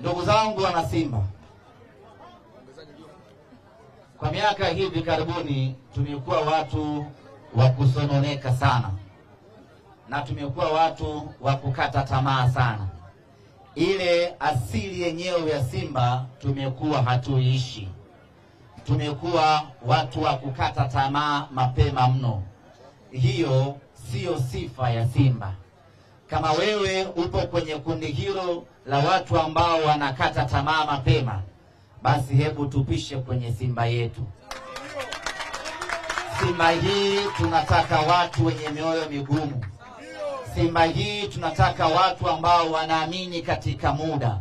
Ndugu zangu wanasimba, kwa miaka hivi karibuni tumekuwa watu wa kusononeka sana na tumekuwa watu wa kukata tamaa sana. Ile asili yenyewe ya Simba tumekuwa hatuishi, tumekuwa watu wa kukata tamaa mapema mno. Hiyo siyo sifa ya Simba. Kama wewe upo kwenye kundi hilo la watu ambao wanakata tamaa mapema, basi hebu tupishe kwenye Simba yetu. Simba hii tunataka watu wenye mioyo migumu. Simba hii tunataka watu ambao wanaamini katika muda.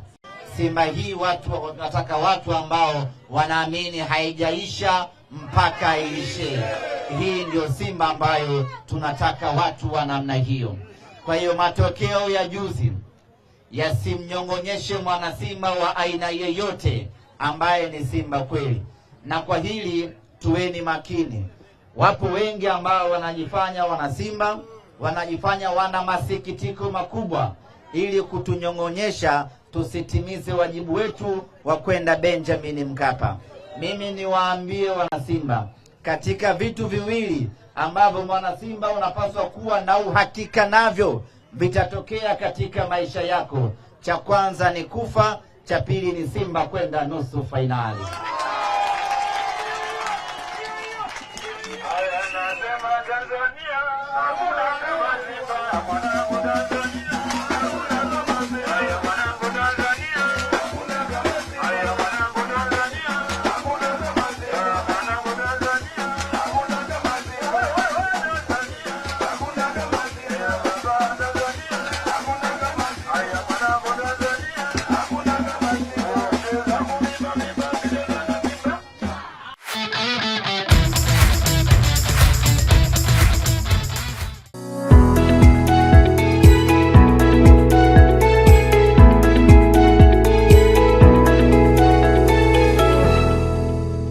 Simba hii watu tunataka watu ambao wanaamini haijaisha mpaka iishe. Hii ndio Simba ambayo tunataka watu wa namna hiyo. Kwa hiyo matokeo ya juzi yasimnyong'onyeshe mwanasimba wa aina yeyote ambaye ni simba kweli, na kwa hili tuweni makini. Wapo wengi ambao wanajifanya wanasimba, wanajifanya wana masikitiko makubwa ili kutunyong'onyesha tusitimize wajibu wetu wa kwenda Benjamin Mkapa. Mimi niwaambie wanasimba, katika vitu viwili ambavyo mwana Simba unapaswa kuwa na uhakika navyo vitatokea katika maisha yako. Cha kwanza ni kufa, cha pili ni Simba kwenda nusu fainali.